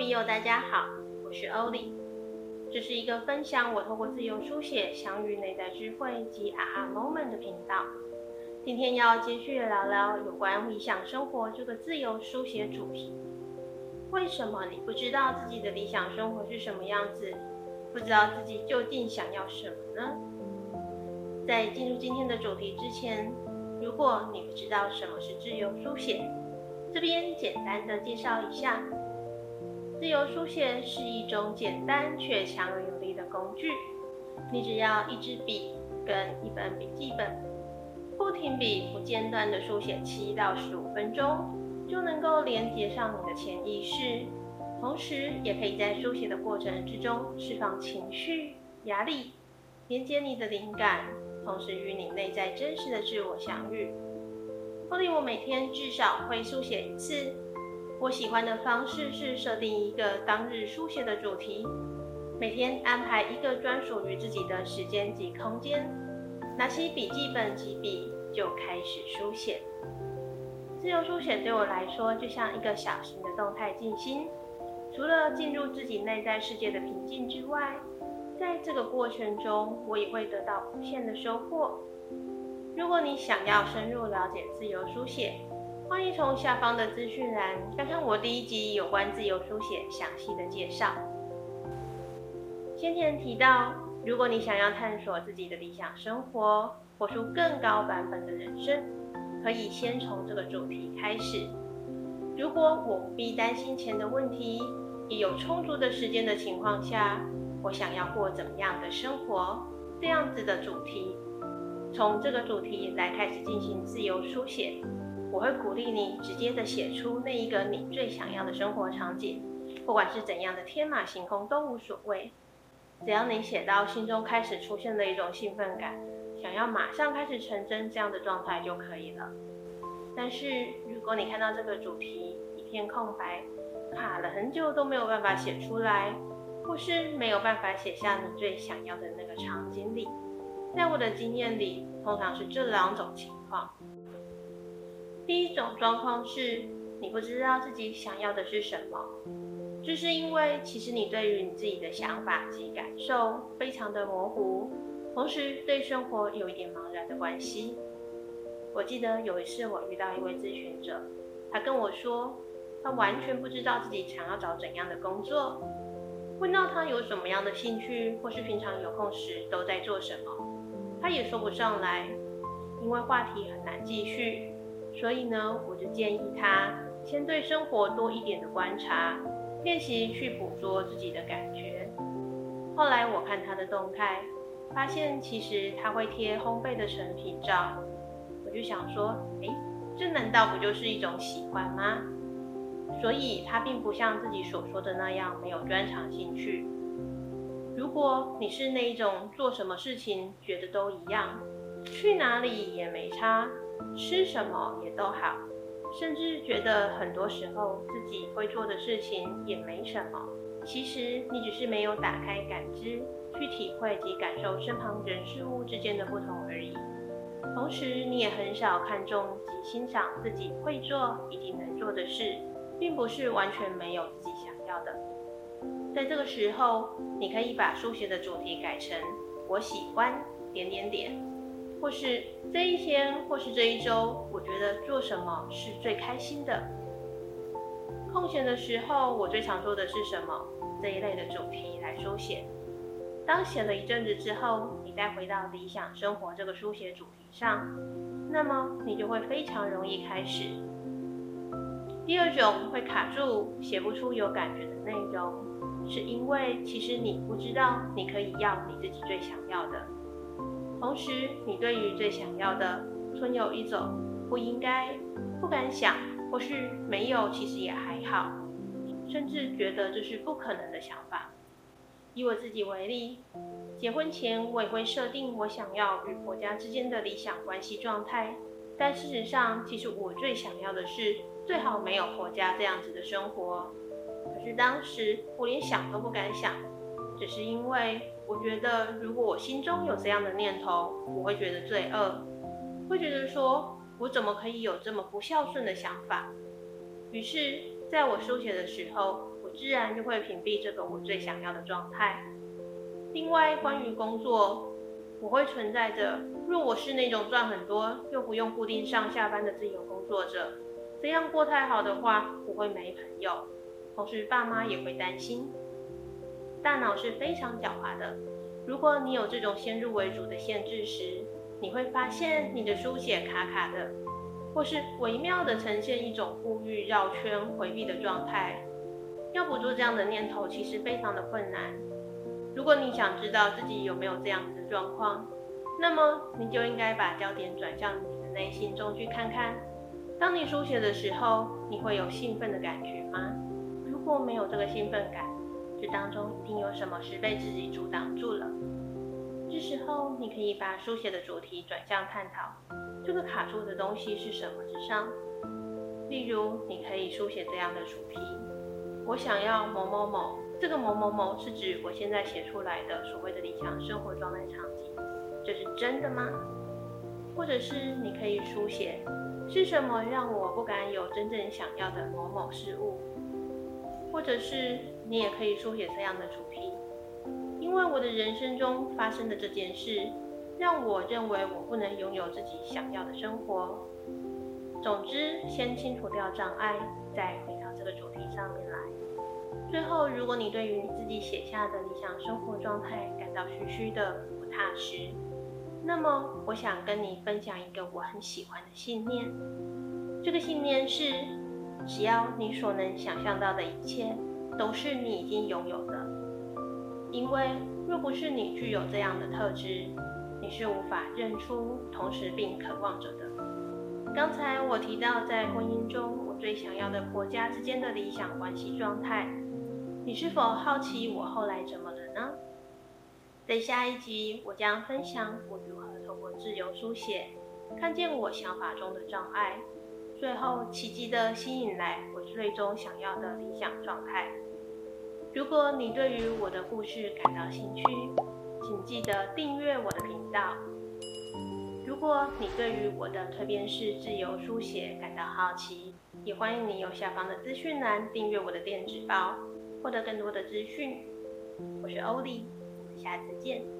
朋友，大家好，我是 Oli，這是一個分享我透過自由書寫相遇內在智慧及啊哈、啊、moment 的頻道。今天要繼續聊聊有關理想生活這個自由書寫主題。為什麼你不知道自己的理想生活是什麼樣子？不知道自己究竟想要什麼呢？在進入今天的主題之前，如果你不知道什麼是自由書寫，這邊簡單的介紹一下。自由書寫是一種簡單卻強而有力的工具。你只要一支筆跟一本筆記本，不停筆、不間斷地書寫七到十五分鐘，就能夠連接上你的潛意識，同時也可以在書寫的過程之中釋放情緒、壓力，連接你的靈感，同時與你內在真實的自我相遇。所以，我每天至少會書寫一次。我喜歡的方式是設定一個當日書寫的主題，每天安排一個專屬於自己的時間及空間，拿起筆記本及筆就開始書寫。自由書寫對我來說就像一個小型的動態靜心。除了進入自己內在世界的平靜之外，在這個過程中我也會得到無限的收穫。如果你想要深入了解自由書寫，歡迎從下方的資訊欄觀看我第一集有關自由書寫詳細的介紹。先前提到，如果你想要探索自己的理想生活，活出更高版本的人生，可以先從這個主題開始。如果我不必擔心錢的問題，也有充足的時間的情況下，我想要過怎麼樣的生活？這樣子的主題，從這個主題來開始進行自由書寫。我會鼓勵你直接的寫出那一個你最想要的生活場景，不管是怎樣的天馬行空都無所謂，只要你寫到心中開始出現了一種興奮感，想要馬上開始成真這樣的狀態就可以了。但是如果你看到這個主題一片空白，卡了很久都沒有辦法寫出來，或是沒有辦法寫下你最想要的那個場景裡，在我的經驗裡，通常是這兩種情況。第一種狀況是，你不知道自己想要的是什麼，就是因為其實你對於你自己的想法及感受非常的模糊，同時對生活有一點茫然的關係。我記得有一次我遇到一位諮詢者，他跟我說，他完全不知道自己想要找怎樣的工作。問到他有什麼樣的興趣，或是平常有空時都在做什麼，他也說不上來，因為話題很難繼續。所以呢，我就建議他先對生活多一點的觀察，練習去捕捉自己的感覺。後來我看他的動態，發現其實他會貼烘焙的成品照，我就想說，哎、欸，這難道不就是一種喜歡嗎？所以，他並不像自己所說的那樣沒有專長興趣。如果你是那一種做什麼事情覺得都一樣，去哪裡也沒差。吃什麼也都好，甚至覺得很多時候自己會做的事情也沒什麼。其實你只是沒有打開感知，去體會及感受身旁人事物之間的不同而已。同時，你也很少看重及欣賞自己會做以及能做的事，並不是完全沒有自己想要的。在這個時候，你可以把書寫的主題改成“我喜歡點點點”。或是這一天，或是這一週，我覺得做什麼是最開心的？空閒的時候，我最常做的是什麼？這一類的主題來書寫。當寫了一陣子之後，你再回到理想生活這個書寫主題上，那麼你就會非常容易開始。第二種會卡住，寫不出有感覺的內容，是因為其實你不知道你可以要你自己最想要的。同時，你對於最想要的，存有一種不應該、不敢想，或是沒有，其實也還好，甚至覺得這是不可能的想法。以我自己為例，結婚前我也會設定我想要與婆家之間的理想關係狀態，但事實上，其實我最想要的是最好沒有婆家這樣子的生活。可是當時我連想都不敢想。只是因為我覺得，如果我心中有這樣的念頭，我會覺得罪惡，會覺得說我怎麼可以有這麼不孝順的想法。於是，在我書寫的時候，我自然就會屏蔽這個我最想要的狀態。另外，關於工作，我會存在着，若我是那種賺很多又不用固定上下班的自由工作者，這樣過太好的話，我會沒朋友，同時爸媽也會擔心。大腦是非常狡猾的。如果你有這種先入為主的限制時，你會發現你的書寫卡卡的，或是微妙的呈現一種故意繞圈回避的狀態。要捕捉這樣的念頭，其實非常的困難。如果你想知道自己有沒有這樣子的狀況，那麼你就應該把焦點轉向你的內心中去看看。當你書寫的時候，你會有興奮的感覺嗎？如果沒有這個興奮感，這當中一定有什麼是被自己阻擋住了。這時候，你可以把書寫的主題轉向探討，這個卡住的東西是什麼之上。例如，你可以書寫這樣的主題：我想要某某某。這個某某某是指我現在寫出來的所謂的理想生活狀態場景，這、是真的嗎？或者是你可以書寫：是什麼讓我不敢有真正想要的某某事物？或者是你也可以書寫這樣的主題，因為我的人生中發生的這件事，讓我認為我不能擁有自己想要的生活。總之，先清除掉障礙，再回到這個主題上面來。最後，如果你對於你自己寫下的理想生活狀態感到虛虛的不踏實，那麼我想跟你分享一個我很喜歡的信念。這個信念是。只要你所能想象到的一切，都是你已經擁有的。因為若不是你具有這樣的特質，你是無法認出、同時並渴望着的。剛才我提到，在婚姻中，我最想要的婆家之間的理想關係狀態。你是否好奇我後來怎麼了呢？在下一集，我將分享我如何通過自由書寫，看見我想法中的障礙。最後，奇蹟的吸引來我最終想要的理想狀態。如果你對於我的故事感到興趣，請記得訂閱我的頻道。如果你對於我的蛻變式自由書寫感到好奇，也歡迎你由下方的資訊欄訂閱我的電子報，獲得更多的資訊。我是 Oli，我們下次見。